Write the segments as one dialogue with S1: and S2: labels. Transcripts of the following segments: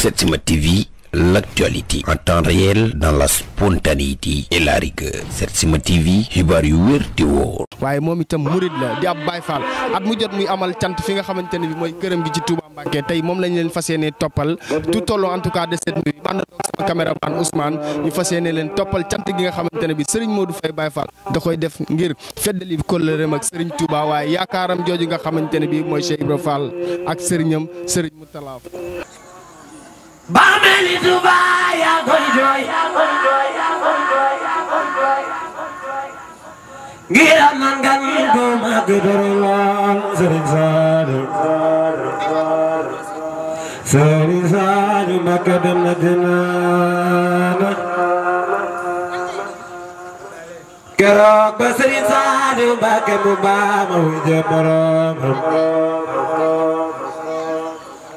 S1: Setsima TV l'actualité en temps réel dans la spontanéité et la rigueur Setsima TV xibaar yu wér di waaye moom itam murid la di ab Baay Faal at mu jot muy amal cant fi nga xamante ne bi mooy këram gi ci Touba Mbacké tey moom lañ leen fas yéene toppal tout au long cas de cette nuit ànd ak sama caméraman Ousmane ñu fas yéene leen toppal cante gi nga xamante ne bi Serigne Modou Faye Baay Faal da koy def ngir feddali kóllëreem ak Serigne Touba waaye yaakaaram jooju nga xamante ne bi mooy Cheikh Ibra Fall ak sëriñam Serigne
S2: Moutala
S3: bàmmeeli Tuuba yaa koy jooy ngir am nan gan ko mag doro lool Sëriñ Saaliw Sëriñ Saaliw Mbakke dem na dinaana keroog ba Sëriñ Saaliw Mbakke mu baama wu jëm boroomam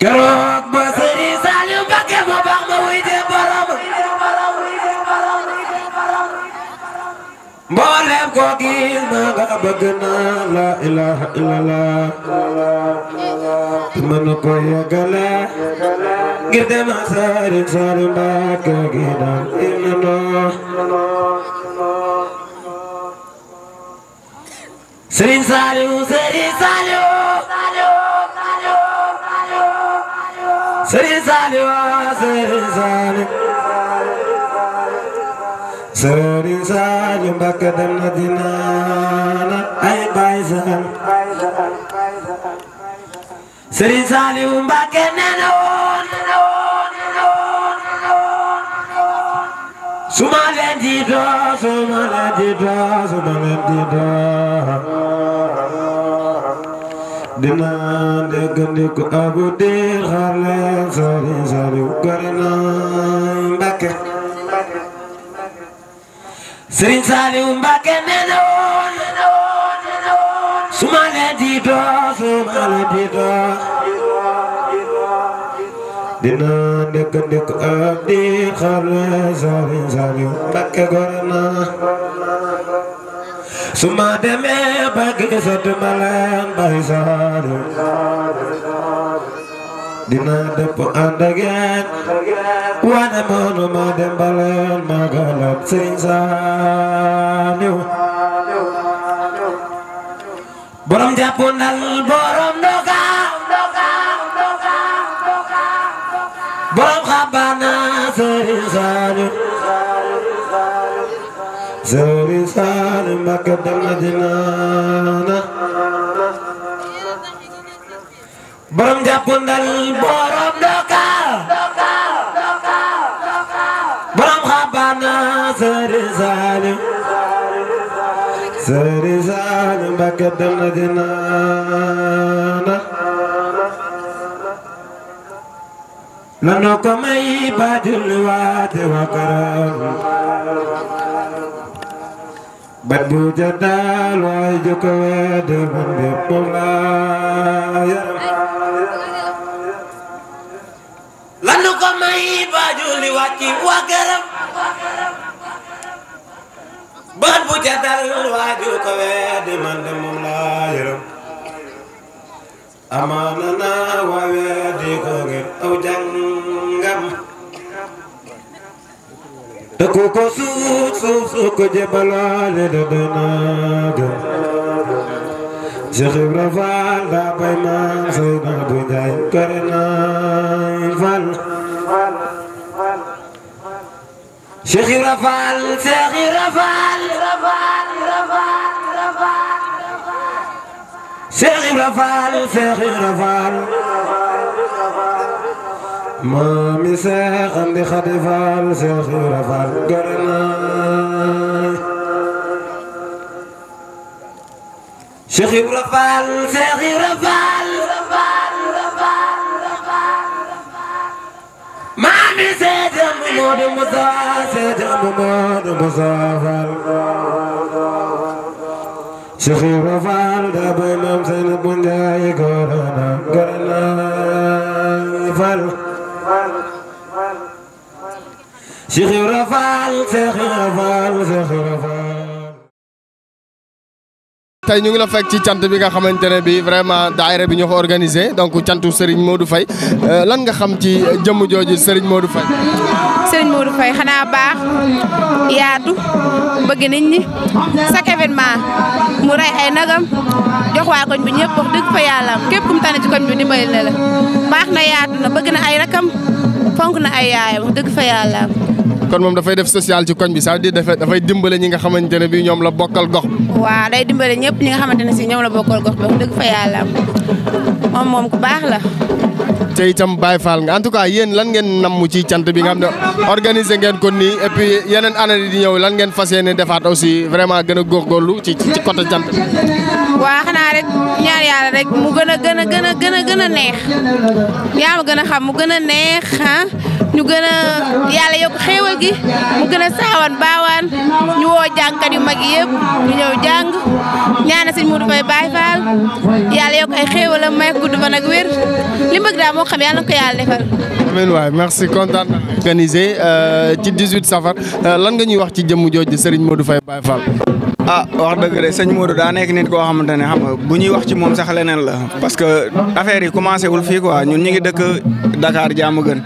S3: keroog ba sëriñ
S2: Saliou Mbacké ma baax ma wuy de borom
S3: mboolem ko gis na nga bëgg na la ilaha illallah mën ko yegale ngir dem sëriñ Saliou Mbacké gi daal imanoo sëriñ Saliou sëriñ Saliou Serigne Saliou wa Serigne Saliou Serigne Saliou Mbacké dem na dinaana ay Baye Sall Serigne Saliou Mbacké nee na woon suma leen di doo suma leen di doo suma leen di doo dina déggandiku abu diir xaar leen sari sari gari na Mbàkke Sëriñ Saaliw Mbàkke nee na su ma leen di doon ma leen di doon dina déggandiku su ma demee ba gisatu ma leen bay saaru dina dëpp ànd ak yéen wane mënu ma dem ba leen magalam sëñ Saaliw borom jàpp ndal boo adnaana borom jàppandal borom doka borom xabaana sëriñ Saaliw sëriñ Saaliw Mbàkke dem na dinaana lanoo ko may baajul waate wa karam بدو جدال ويجك ويد من بمولاي لنك ماي باجولي واكي وغرم بدو جدال ويجك ويد من بمولاي أماننا ويدك أو جنب te ku ko suuf suuf su ko jébalaale da dana gën Cheikh Ibra Fall daa bay maam Seynabou Ndiaye kore naay Fall Cheikh Ibra Fall Cheikh
S2: Ibra Fall
S3: Cheikh Ibra Fall Cheikh Ibra maami seex andi xadi faal seex ibra faal gore
S2: naay
S3: seex ibra faal seex ibra faal maami seex amu moodu musa seex amu moodu musa faal seex ibra
S1: Cheikh tey ñu ngi la fekk ci cant bi nga xamante ne bii vraiment daayira bi ñu ko organisé donc cantu Serigne Modou Faye euh, lan nga xam ci jëmm jooju Serigne Modou Faye.
S4: Serigne xanaa baax yaatu bëgg nit ñi chaque événement mu rey ay nagam jox waa koñ bi ñëpp wax dëgg fa yàlla képp kum tànn ci koñ bi dimbali baax na yaatu na bëgg na ay rakam fonk na ay yaayam dëgg fa yàlla.
S1: kon moom dafay def social ci koñ bi ça veut dire dafay dimbale ñi nga xamante ne bi ñoom la bokkal gox
S4: waaw day dimbale ñëpp ñi nga xamante ne si ñoom la bokkal gox bi wax dëgg fa yàlla moom moom ku baax la
S1: te itam Baye Fall nga en tout yéen lan ngeen namm ci cant bi nga xam ne organiser ngeen ko nii et puis yeneen année di ñëw lan ngeen fas yéene defaat aussi vraiment gën a góorgóorlu ci ci côté cant bi.
S4: waa xanaa rek ñaar yàlla rek mu gën a gën a gën a gën a a neex yaa ah. ñu gën a yàlla yokk xéewal gi mu gën a saawan baawaan ñu woo jàngkat yu mag yëpp ñu ñëw jàng ñaana sëñ Modou Faye Baye Fall yàlla yokk ay xéewalam may gudd fan ak wér li daal moo xam yàlla na ko yàlla defal.
S1: amiin waay merci kontaan na organisé euh,
S5: ci 18 safar euh, lan nga ñuy wax ci jëmm jooj di Serigne Modou Faye Baye Fall. ah wax dëgg de sëñ Modou daa nekk nit koo xamante ne xam bu ñuy wax ci moom sax leneen la parce que affaire yi commencé wul fii quoi ñun ñu ngi dëkk Dakar jàmm gën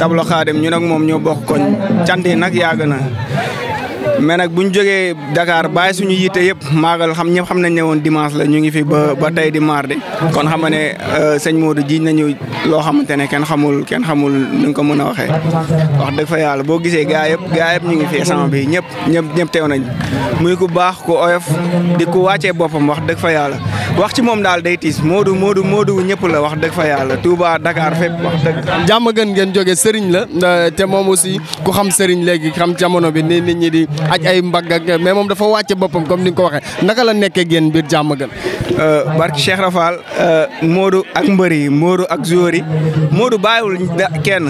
S5: tablo xaadim ñun ak moom ñu bokk koñ cant yi nag yàgg na. mais nag bu ñu jógee Dakar bàyyi suñu yitte yëpp maagal xam ñëpp xam nañ ne woon dimanche la ñu ngi fi ba ba tey di de kon xam nga ne euh, sëñ Modou ji nañu loo xamante ne kenn xamul kenn xamul nu ko mën a waxee wax dëgg fa yàlla boo gisee gaa yëpp gaa yëpp ñu ngi fi sama bi ñëpp ñëpp ñëpp teew nañ muy ku baax ku oyof di ku wàccee boppam wax dëgg fa yàlla wax ci moom daal day tiis Modou Modou Modou ñëpp la wax dëgg fa yàlla Touba Dakar fépp wax dëgg.
S1: jàmm gën ngeen jóge la te moom aussi ku xam Serigne léegi xam jamono bi ni ñi di aj ay mbagg ak mais moom dafa wàcce boppam comme ni nga ko
S5: waxee naka la nekkee ngeen biir jàmm gën. Euh, barki Cheikh Rafal euh, Modou ak mbër yi Modou ak joueur yi Modou bàyyiwul kenn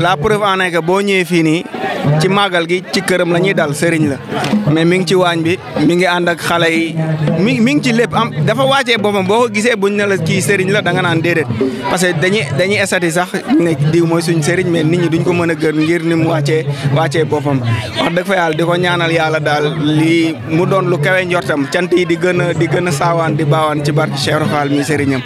S5: la preuve en boo ñëwee fii nii ci màggal gi ci këram la ñuy daal Serigne la mais mi ngi ci waañ bi mi ngi ànd ak xale yi mi ci lépp wàccee boppam boo ko gisee buñ ne la kii sëriñ la danga naan déedéet parce que dañuy dañuy esati sax ne diw mooy suñ sëriñ mais nit ñi duñ ko mën a gën ngir ni mu wàccee wàccee boppam wax dëgg fa yàlla di ko ñaanal yàlla daal lii mu doon lu kawe njortam cant yi di gën a di gën a saawaan di baawaan ci barke Cheikh Fall mi sëriñam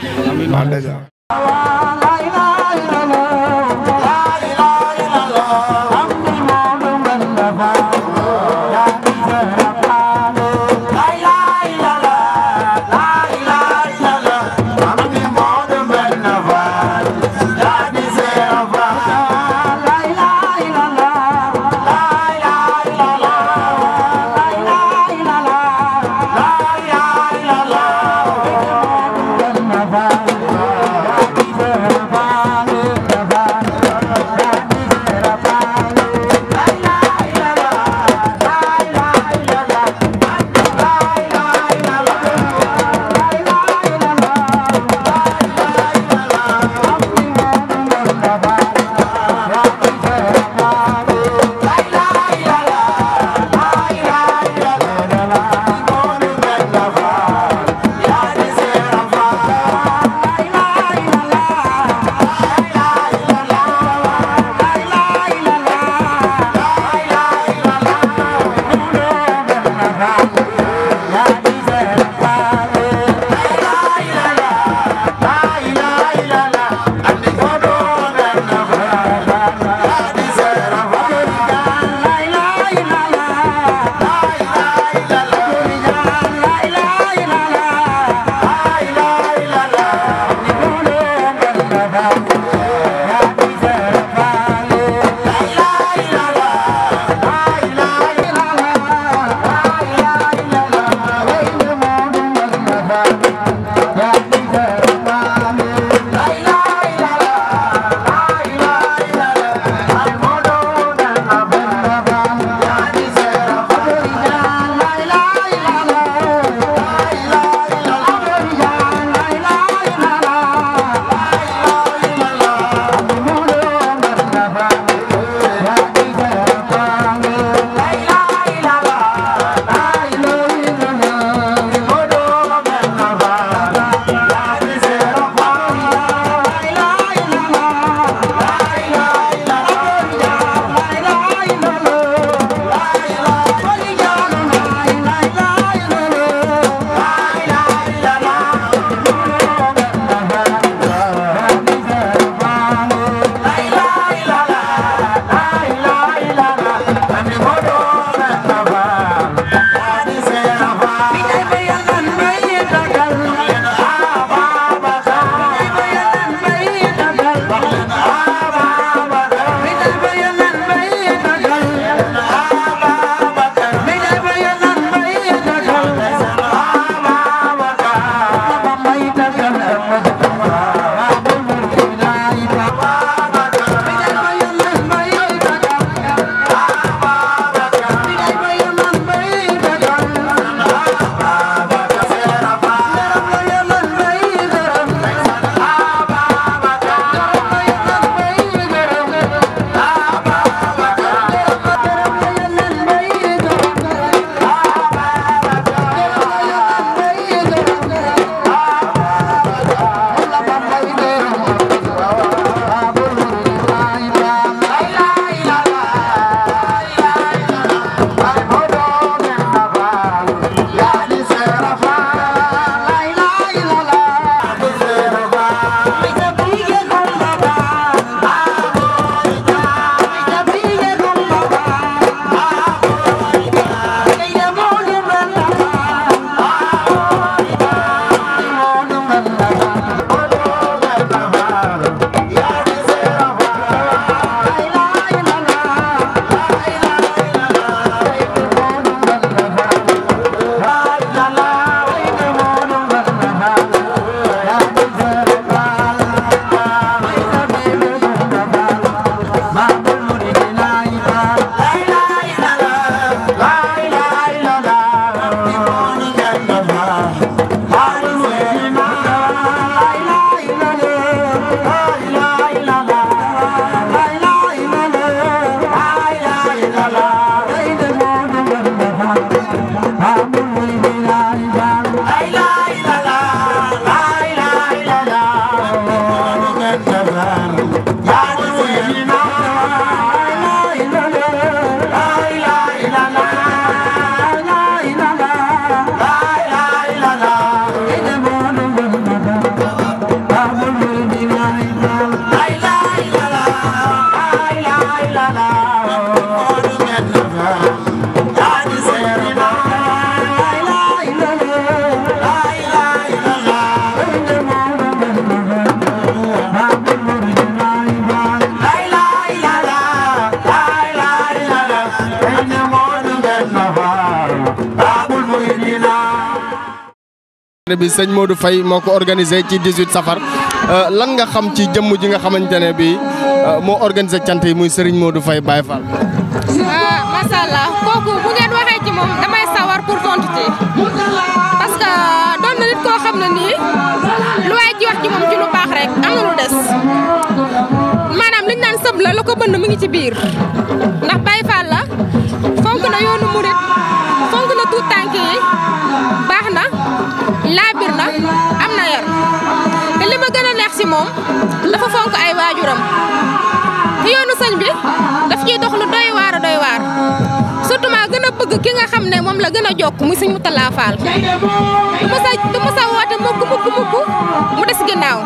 S1: bi sëñ moo du fay moo ko organisé ci 18 safar euh, lan nga xam ci jëmm ji nga xamante ne bi euh, moo organisé cant yi muy Serigne moo Faye Baye Fall.
S6: Ah, macha allah kooku bu ngeen waxee ci moom damay sawar pour tontu ci euh, doon na nit koo xam ne nii lu waay ji wax ci moom ci lu baax rek am na lu des maanaam liñ naan sëb la la ko bënn mu ngi ci biir ndax Baye Fall la fonk na yoonu murit laabir na am na yar te li ma gën a neex si moom dafa fonk ay waajuram te yoonu sëñ bi daf ñuy dox lu doy waar a doy waar surtout gën a bëgg ki nga xam ne moom la gën a jokk muy sëñ Moutalla Fall du ma sa woote mukk mukk mukk mu des ginnaaw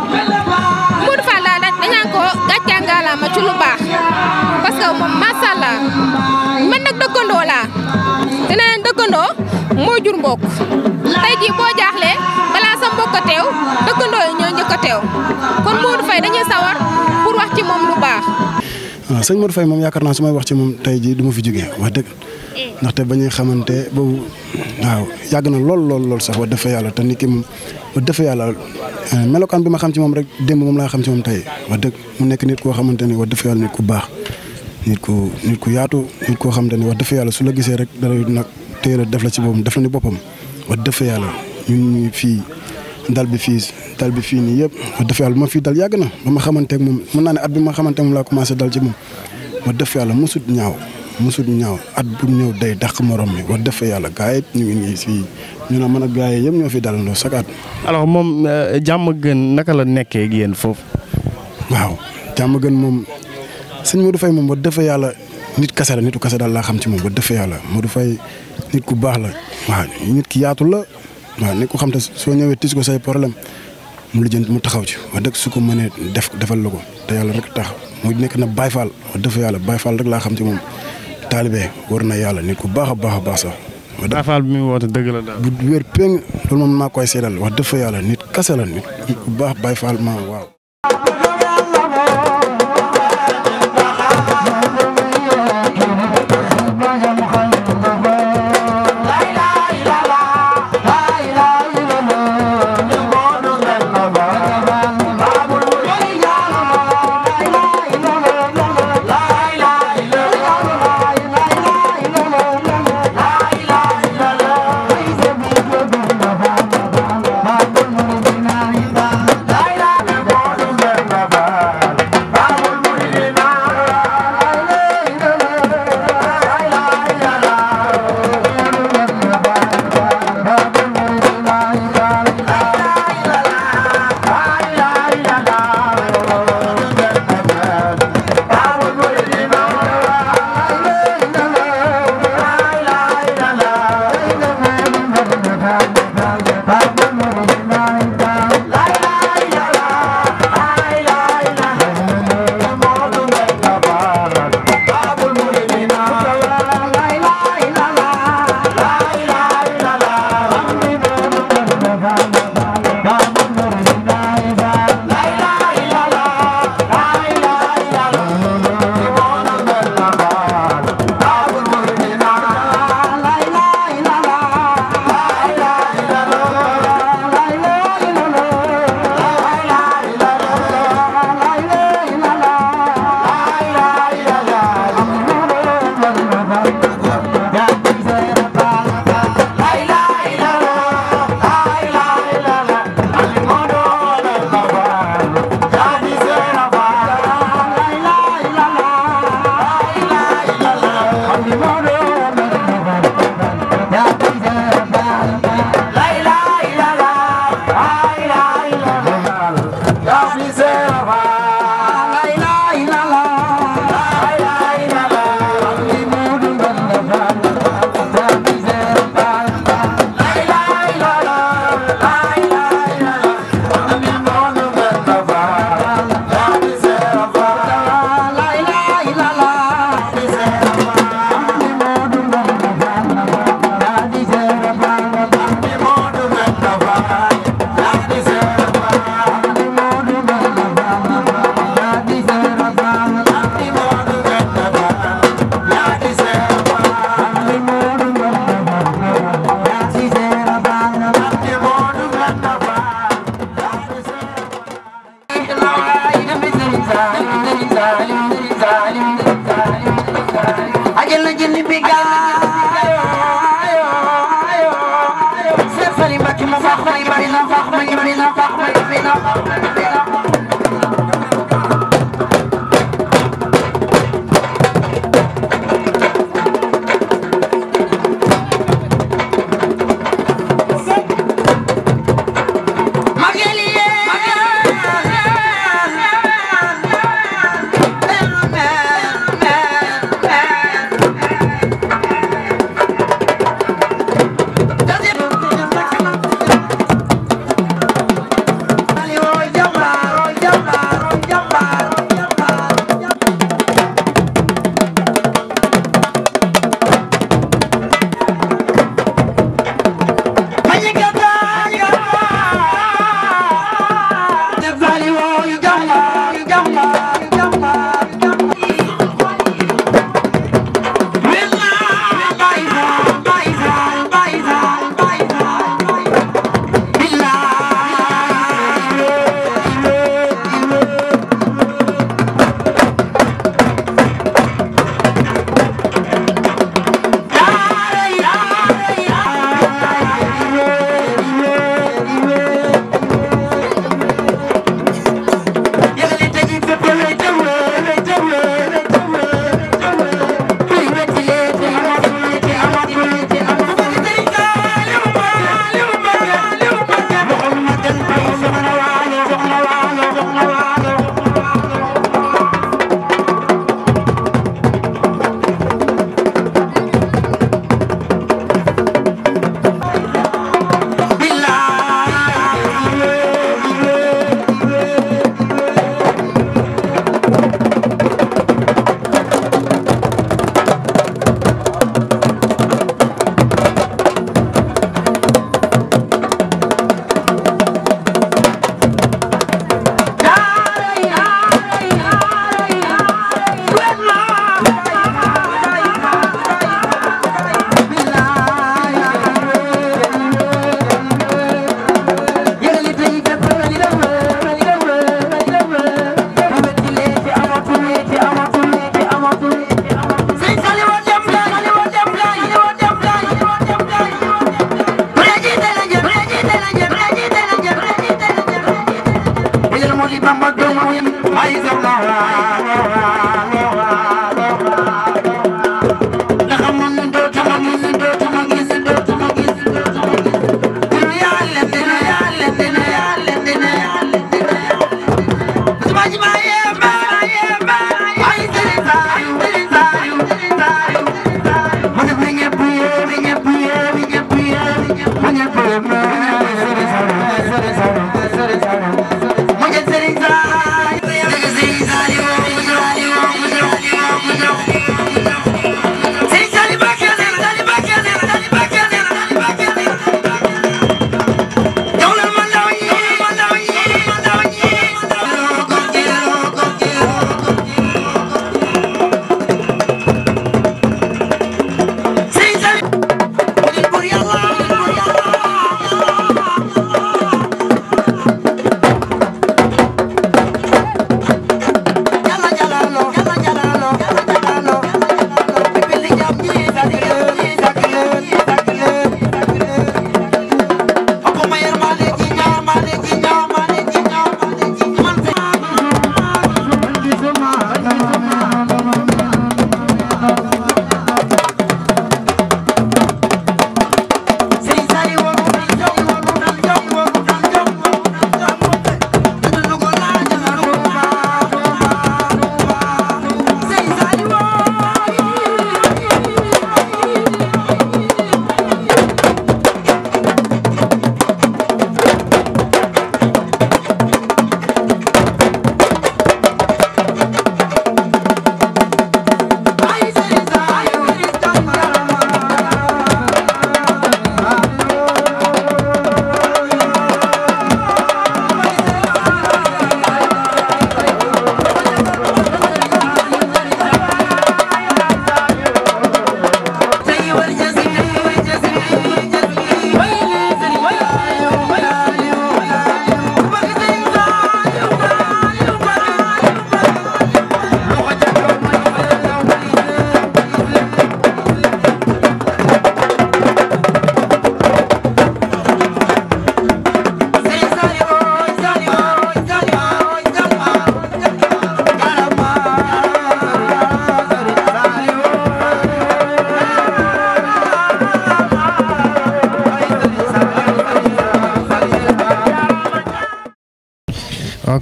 S6: Modou Fall daal dañaan ko gàccaa ngaalaama ci lu baax parce moom macha allah man nag dëkkandoo laa te nee dëkkandoo moo jur mbokk jii boo jaaxlee balaa sa mbokk a teew dëkkandoo yi njëkk teew kon Modou Faye dañuy sawar pour wax ci moom lu baax.
S7: waaw ah, sëñ Modou Faye moom yaakaar naa su may wax ci moom tey jii du ma fi jógee wax dëgg eh. ndaxte bañ a xamante boobu waaw na lool lool lool sax wax dëgg yàlla te nit ki moom wax dëgg eh, melokaan bi ma xam ci moom rek démb moom laa xam ci moom tey wax dëgg mu nekk nit koo xamante ni wax dëgg fa yàlla nit ku baax nit ku yaatu nit koo xamante ni wax dëgg fa yàlla su la gisee rek dara nag téye la def la ci boppam def la ni boppam. wax dëgg fa yàlla ñun fii dal bi fii dal bi fii nii yëpp wax dëgg fa yàlla bu ma fii dal yàgg na ba ma xamanteeg moom mën naa ne at bi ma xamanteeg moom laa commencé dal ci moom wax dëgg fa yàlla mosut ñaaw at bu ñëw day dàq morom mi wax dëgg yàlla gars yi ñu ngi si fii ñu mën a ak gars yëpp ñoo fi dalandoo chaque at.
S1: alors moom euh, jàmm gën naka la nekkee ak yéen foofu.
S7: waaw jàmm gën moom sëñ Modou Faye moom wax dëgg fa yàlla nit kase la nitu kase daal laa xam ci moom ba dëfee yàlla Modou fay nit ku baax la waaw nit ki yaatu la waa nit ko xam te soo ñëwee tis ko say problème mu lijjanti mu taxaw ci wax dëgg su ko mënee def defal la ko te yàlla rek tax mu nekk na Baye Fall wax dëgg yàlla baay Fall rek laa xam ci moom taalibe war na yàlla nit ku baax baax a baax sax. Baye Fall bi muy woote dëgg la daal. bu wér péng loolu moom maa koy seedal wax dëgg yàlla nit kase la nit ku baax Baye Fall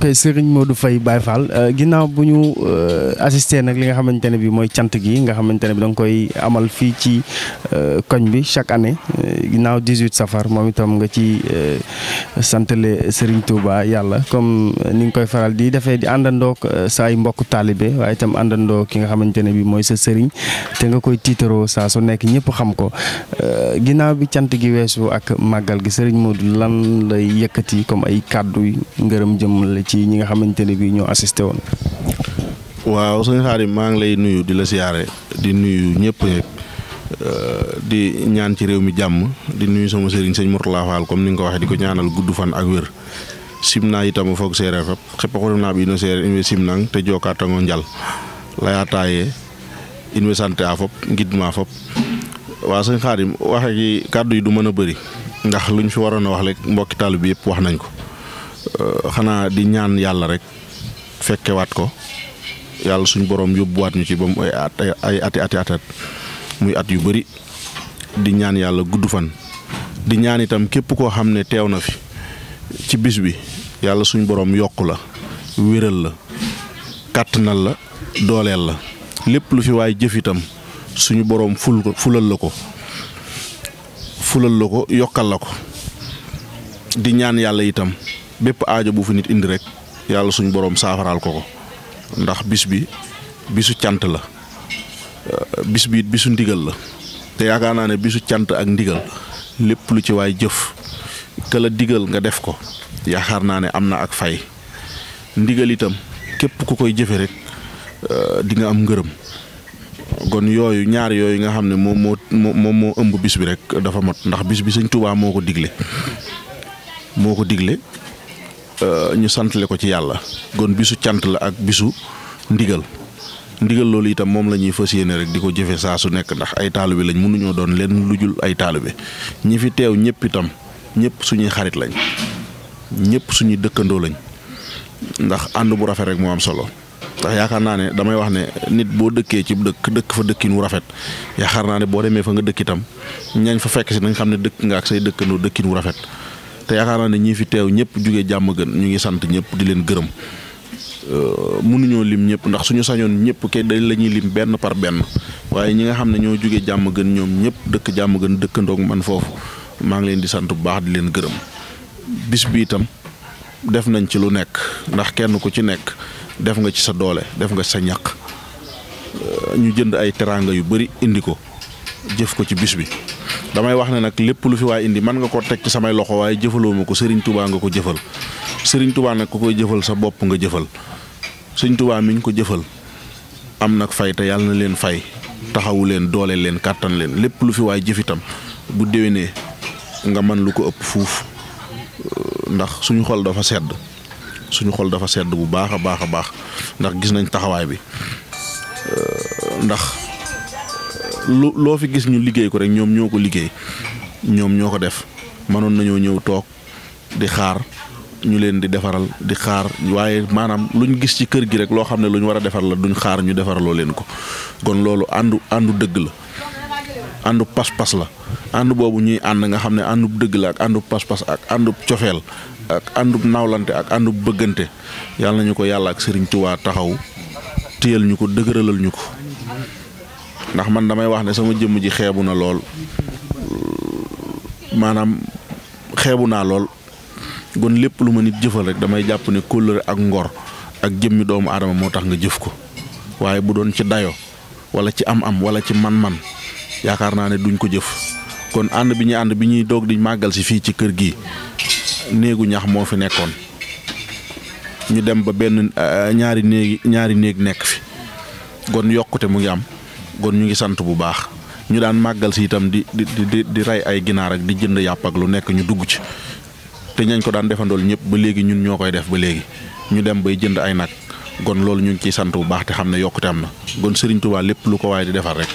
S1: ok Serigne Modou Faye Baye Fall euh, ginnaaw bu ñu euh, assisté nag li nga xamante ne bi mooy cant gi nga xamante ne bi da koy amal fii ci Euh, koñ bi chaque année euh, ginnaaw 18 safar moom itam nga ci euh, santale Serigne Touba yàlla comme ni nga koy faral di defee di àndandoo sa ay mbokk taalibe waaye tam àndandoo ki nga xamante ne bi mooy sa sëriñ te nga koy tiitaroo sa su nekk ñëpp xam ko ginnaaw bi cant gi weesu ak màggal gi sëriñ moo Modou lan lay yëkkati comme ay kàddu ngërëm jëmale ci ñi nga xamante ne bi ñoo assisté woon
S8: ngi lay nuyu di la siyaare di nuyu ñëpp Euh, di ñaan ci réew mi jàmm di nuyu sama sëriñ sëñ Mourtala Fall comme ni nga ko waxee di ko ñaanal gudd fan ak wér sim naa itam foog séeréer rab xëpp xool naa bi ino séeréer inwe sim nang te jokaatango njal layaa taayee inwe sante a fop ngid ma fop waa sëñ Xaadim waxe gi kàddu yi du mën a bëri ndax luñ fi waroon a wax rek mbokki taalibe bi yëpp wax nañ ko euh, xanaa di ñaan yàlla rek fekkewaat ko yàlla suñ borom yóbbuwaat ñu ci ba mu ay ay ati ati atat muy at yu bari di ñaan yàlla gudd fan di ñaan itam képp koo xam ne teew na fi ci bis bi yàlla suñ boroom yokk la wéral la kàttanal la dooleel la lépp lu fi waaye jëf itam suñu boroom ful fulal la ko fulal la ko yokkal la ko di ñaan yàlla itam bépp aajo bu fi nit indi rek yàlla suñu boroom saafaraal ko ko ndax bis bi bisu cant la bis bi bisu ndigal la te yaakaar naa ne bisu cant ak ndigal lépp lu ci waay jëf ka la digal nga def ko yaakaar naa ne am na ak fay ndigal itam képp ku koy jëfe rek euh, di nga am ngërëm kon yooyu ñaar yooyu nga xam ne moom moo ëmb bis bi rek dafa mot ndax bis bi sëñ Tuubaa moo ko digle moo ko digle euh, ñu santale ko ci yàlla kon bisu cant la ak bisu ndigal ndigal loolu itam moom la ñuy fas yéene rek di ko jëfe saa su nekk ndax ay bi lañ mënuñoo doon leen lujul ay taalibe ñi fi teew ñëpp itam ñëpp suñuy xarit lañ ñëpp suñuy dëkkandoo lañ ndax ànd bu rafet rek moo am solo ndax yaakaar naa ne damay wax ne nit boo dëkkee ci dëkk dëkk fa dëkkin wu rafet yaakaar naa ne boo demee fa nga dëkk itam ñañ fa fekk si nañ xam ne dëkk nga say dëkkandoo dëkkin wu rafet te yaakaar naa ne ñi fi teew ñëpp jugee jàmm gën ñu ngi sant ñëpp di leen gërëm Euh, mënuñoo lim ñëpp ndax suñu sañoon ñëpp kay dañ la ñuy lim benn par benn waaye ñi nga xam ne ñoo jóge jàmm gën ñoom ñëpp dëkk jàmm gën dëkkandoog man foofu maa ngi leen di sant bu baax di leen gërëm bis bi itam def nañ ci lu nekk ndax kenn ku ci nekk def nga ci sa doole def nga ci sa ñaq euh, ñu jënd ay teraanga yu bari indi ko jëf ko ci bis bi damay wax ne nag lépp lu fi waay indi mën nga ko teg ci samay loxo waaye jëfaloo ma ko Serigne Touba nga ko jëfal Serigne Touba ku koy jëfal sa bopp nga jëfal sëñ Tuubaa mi ñu ko jëfal am nag fay te yàlla na leen fay taxawu leen doole leen kàttan leen lépp lu fi waay jëf itam bu déwénee nga man lu ko ëpp fuuf ndax suñu xol dafa sedd suñu xol dafa sedd bu baax a baax a baax ndax gis nañ taxawaay bi ndax lu loo fi gis ñu liggéey ko rek ñoom ñoo ko liggéey ñoom ñoo ko def mënoon nañoo ñëw toog di xaar ñu leen di defaral di xaar waaye maanaam luñ gis ci kër gi rek loo xam ne lu ñu war a defar la duñ xaar ñu defaraloo leen ko kon loolu àndu àndu dëgg la àndu pas-pas la ànd boobu ñuy ànd nga xam ne àndub dëgg la ak àndub pas-pas ak àndub cofeel ak àndub nawlante ak àndub bëggante yàlla nañu ko yàlla ak Sëriñ Tuubaa taxaw téyel ñu ko dëgëralal ñu ko ndax man damay wax ne sama jëmm ji xeebu na lool maanaam xeebu naa lool kon lépp lu ma nit jëfal rek damay jàpp ne kóllëre ak ngor ak jëmmi doomu aadama moo tax nga jëf ko waaye bu doon ci dayo wala ci am-am wala ci man-man yaakaar naa ne duñ ko jëf kon ànd bi ñuy ànd bi ñuy doog di màggal si fii ci kër gi néegu ñax moo fi nekkoon ñu dem ba benn euh, ñaari néegi ñaari néeg nekk fi kon yokkute mu ngi am kon ñu ngi sant bu baax ñu daan màggal si itam di di di di rey ay ginaar ak di jënd yàpp ak lu nekk ñu dugg ci. te ñañ ko daan defandool ñëpp ba léegi ñun ñoo koy def ba léegi ñu dem bay jënd ay nag kon loolu ñu ngi ciy sant bu baax te xam ne yokkute am na kon Serigne Touba lépp lu ko waaye di defar rek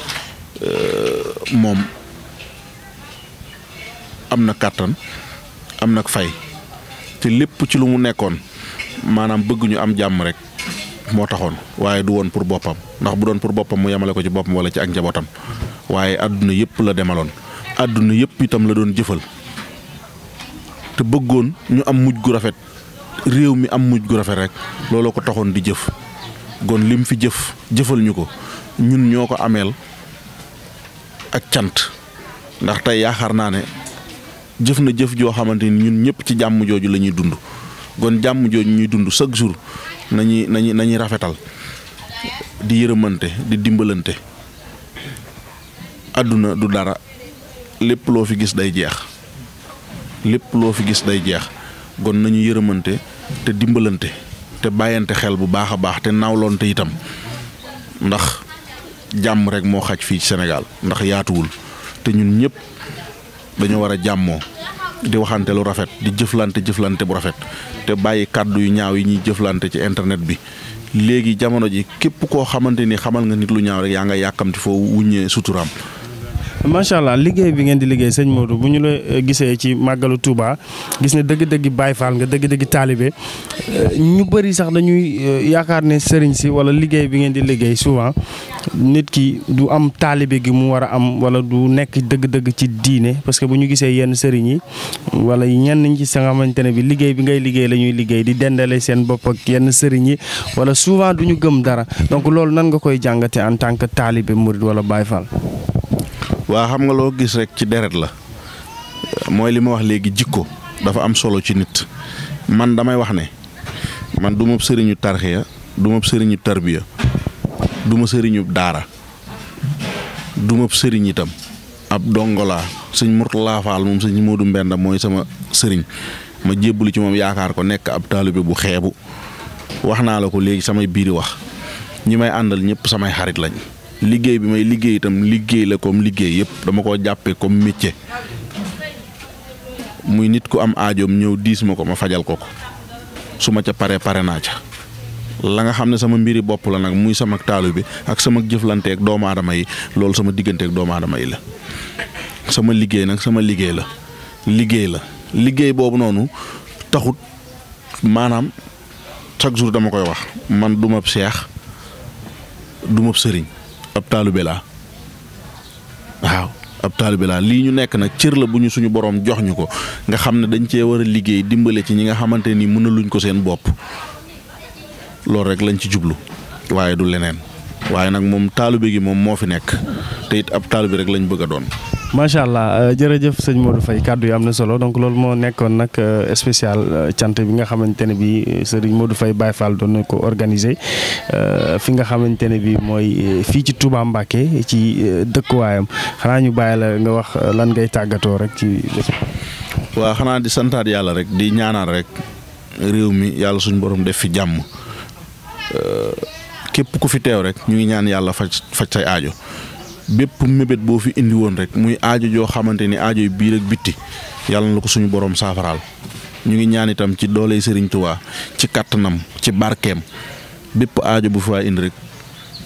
S8: euh, moom am na kàttan am na fay te lépp ci lu mu nekkoon maanaam bëgg ñu am jàmm rek moo taxoon waaye du woon pour boppam ndax bu doon pour boppam mu yemale ko ci boppam wala ci ak njabootam waaye àdduna yëpp la demaloon àdduna yëpp itam la doon jëfal. te bëggoon ñu am mujj gu rafet réew mi am mujj gu rafet rek looloo ko taxoon di jëf gon lim fi jëf jëfal ñu ko ñun ñoo ko ameel ak cant ndax tey yaakaar naa ne jëf na jëf joo xamante ni ñun ñëpp ci jàmm jooju lañuy dund kon jàmm jooju ñuy dund chaque jour nañuy nañuy nañuy rafetal di yërëmante di dimbalante àdduna du dara lépp loo fi gis day jeex lépp loo fi gis day jeex kon nañu yërëmante te dimbalante te bàyyante xel bu baax a baax te nawloonte itam ndax jàmm rek moo xaj fii ci Sénégal ndax yaatuwul te ñun ñëpp dañoo war a jàmmoo di waxante lu rafet di jëflante jëflante bu rafet te bàyyi kàddu yu ñaaw yi ñuy jëflante ci internet bi léegi jamono ji képp koo xamante ni xamal nga nit lu ñaaw rek yaa nga yàkkamti foo wuññee suturaam
S1: macha allah liggéey bi ngeen di liggéey sëñ Modou bu ñu la eh, gisee ci màggalu Touba gis ne dëgg-dëgg Baye nga dëgg-dëgg taalibe eh, ñu bëri sax dañuy eh, yaakaar ne sëriñ si wala liggéey bi ngeen di liggéey souvent nit ki du am taalibe gi mu war a am wala du nekk dëgg-dëgg ci diine parce que bu ñu gisee yenn sëriñ yi wala ñenn ñi sa nga xamante ne bi liggéey bi ngay liggéey la ñuy liggéey di dendale seen bopp ak yenn sëriñ yi wala souvent du ñu gëm dara donc loolu nan nga koy jàngate en tant que taalibe murid wala Baye Fall
S8: waa xam nga loo gis rek ci deret la mooy li ma wax léegi jikko dafa am solo ci nit man damay wax ne man du ma sëriñu tarxiya du ma sëriñu tarbiya du ma sëriñu daara du ma sëriñ itam ab dongolaa sëñ Murtala Faal moom sëñ Moodu mbenn mooy sama sëriñ ma jébbalu ci moom yaakaar ko nekk ab taalibe bu xeebu wax naa la ko léegi samay biiri wax ñi may àndal ñëpp samay xarit lañ liggéey bi may liggéey itam liggéey la comme liggéey yëpp dama koo jàppee comme métier muy nit ku am aajoom ñëw diis ma ko ma fajal ko ko su ma ca paree pare naa ca la nga xam ne sama mbiri bopp la nag muy sama taalu bi ak sama jëflanteeg doomu aadama yi loolu sama digganteeg doomu aadama yi la sama liggéey nag sama liggéey la liggéey la liggéey boobu noonu taxut maanaam chaque jour dama koy wax man du ma seex du ma sëriñ ab taalibe laa waaw ab taalibe laa lii ñu nekk nag cër la bu ñu suñu boroom jox ñu ko nga xam ne dañ cee war a liggéey dimbale ci ñi nga xamante ni mënaluñ ko seen bopp loolu rek lañ ci jublu waaye du leneen. waaye nag moom taalibe gi moom moo fi nekk te it ab taalibe rek lañ bëgg a doon.
S1: macha allah euh, jërëjëf sëñ Modou Faye kàddu yi am na solo donc loolu moo nekkoon nag euh, spécial euh, cant bi nga xamante ne bii sëriñ Modou Faye Baye Fall doon na ko organisé fi nga xamante ne bii mooy fii ci Touba Mbacké ci dëkkuwaayam xanaa ñu bàyyi la nga wax lan ngay tàggatoo rek ci bés.
S8: waa xanaa di santaat yàlla rek di ñaanal rek réew mi yàlla suñu borom def fi jàmm. képp ku fi teew rek ñu ngi ñaan yàlla faj faj say aajo bépp mébét boo fi indi woon rek muy aajo joo xamante ni aajo biir ak bitti yàlla na ko suñu boroom saafaraal ñu ngi ñaan itam ci dooley Serigne Touba ci kàttanam ci barkeem bépp aajo bu fi waa indi rek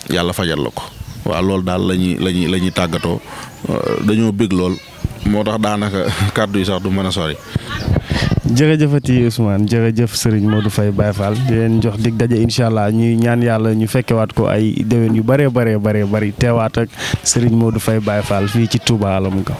S8: yàlla fajal la ko waa loolu daal lañuy ñuy la ñuy la ñuy tàggatoo dañoo bëgg lool moo tax daanaka kàddu yi sax du mën a sori.
S1: jërëjëfati Ousmane jërëjëf Serigne Modou Faye Baye Fall di leen jox dig daje incha allah ñuy ñaan yàlla ñu fekkewaat ko ay déwén yu bëree bëree bëree bari teewaat ak moo du fay Baye Fall fii ci Touba Alamuka.